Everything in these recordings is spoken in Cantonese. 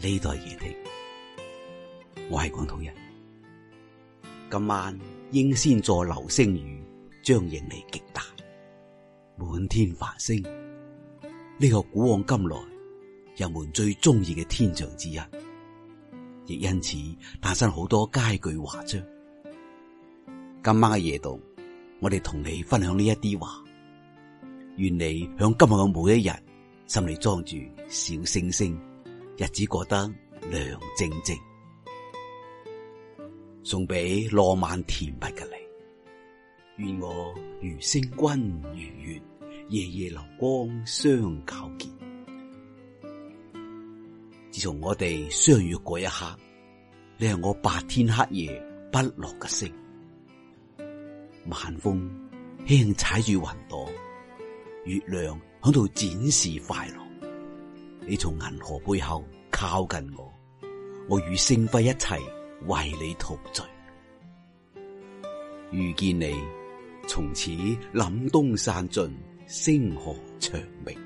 呢度係夜聽，我係廣東人。今晚英仙座流星雨將迎嚟極大，滿天繁星。呢個古往今來人們最中意嘅天象之一，亦因此誕生好多佳句華章。今晚嘅夜度，我哋同你分享呢一啲話，願你響今日嘅每一日，心裏裝住小星星。日子過得涼靜靜，送俾浪漫甜蜜嘅你。願我如星君如月，夜夜流光相皎潔。自從我哋相遇嗰一刻，你係我白天黑夜不落嘅星。晚風輕踩住雲朵，月亮響度展示快樂。你從銀河背後靠近我，我與星輝一齊為你陶醉。遇見你，從此凜冬散盡，星河長明。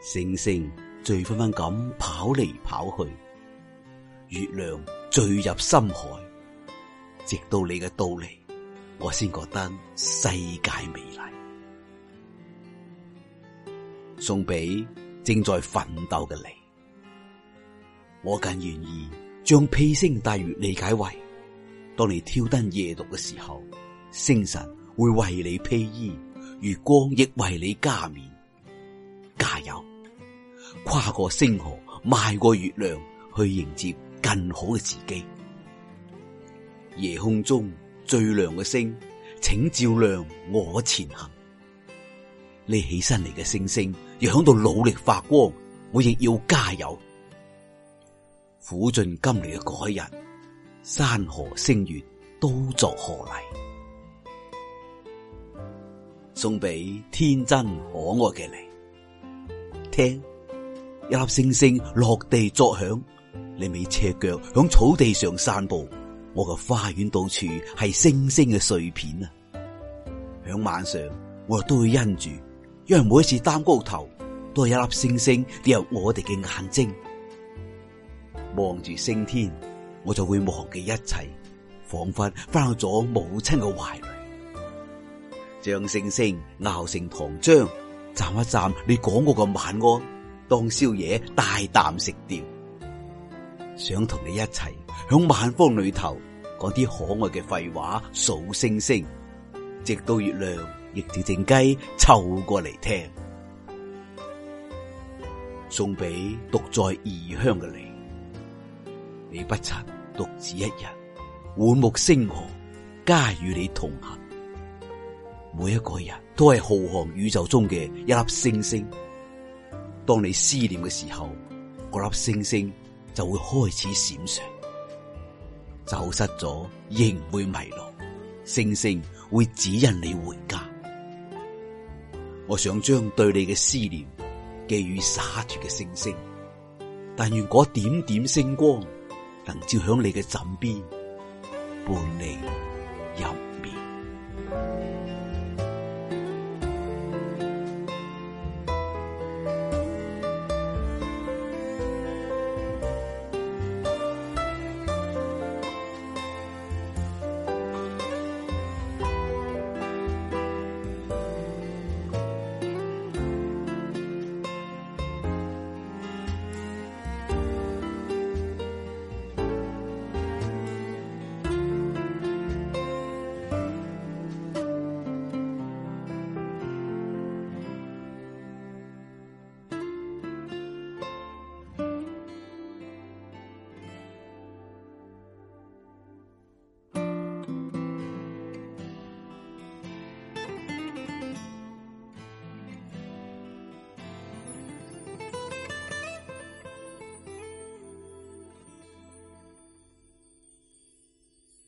星星醉紛紛咁跑嚟跑去，月亮墜入深海，直到你嘅到嚟，我先覺得世界美麗。送俾。正在奮鬥嘅你，我更願意將披星戴月理解為：當你挑燈夜讀嘅時候，星辰會爲你披衣，月光亦為你加冕。加油！跨過星河，邁過月亮，去迎接更好嘅自己。夜空中最亮嘅星，請照亮我前行。你起身嚟嘅星星，要響度努力發光，我亦要加油。苦盡甘來嘅嗰日，山河星月都作賀禮，送俾天真可愛嘅你。聽一粒星星落地作響，你咪赤腳響草地上散步。我嘅花園到處係星星嘅碎片啊！響晚上，我亦都會因住。因為每一次擔高頭，都係一粒星星跌入我哋嘅眼睛，望住星天，我就會忘記一切，仿佛翻去咗母親嘅懷裏，將星星熬成糖漿，蘸一蘸你講過嘅晚安，當宵夜大啖食掉，想同你一齊響晚風裏頭講啲可愛嘅廢話，數星星，直到月亮。靜靜雞湊過嚟聽，送俾獨在異鄉嘅你。你不曾獨自一人，滿目星河，皆與你同行。每一個人都係浩瀚宇宙中嘅一粒星星。當你思念嘅時候，粒星星就會開始閃爍。走失咗仍會迷路，星星會指引你回家。我想將對你嘅思念寄予灑脫嘅星星，但願嗰點點星光能照響你嘅枕邊，伴你入眠。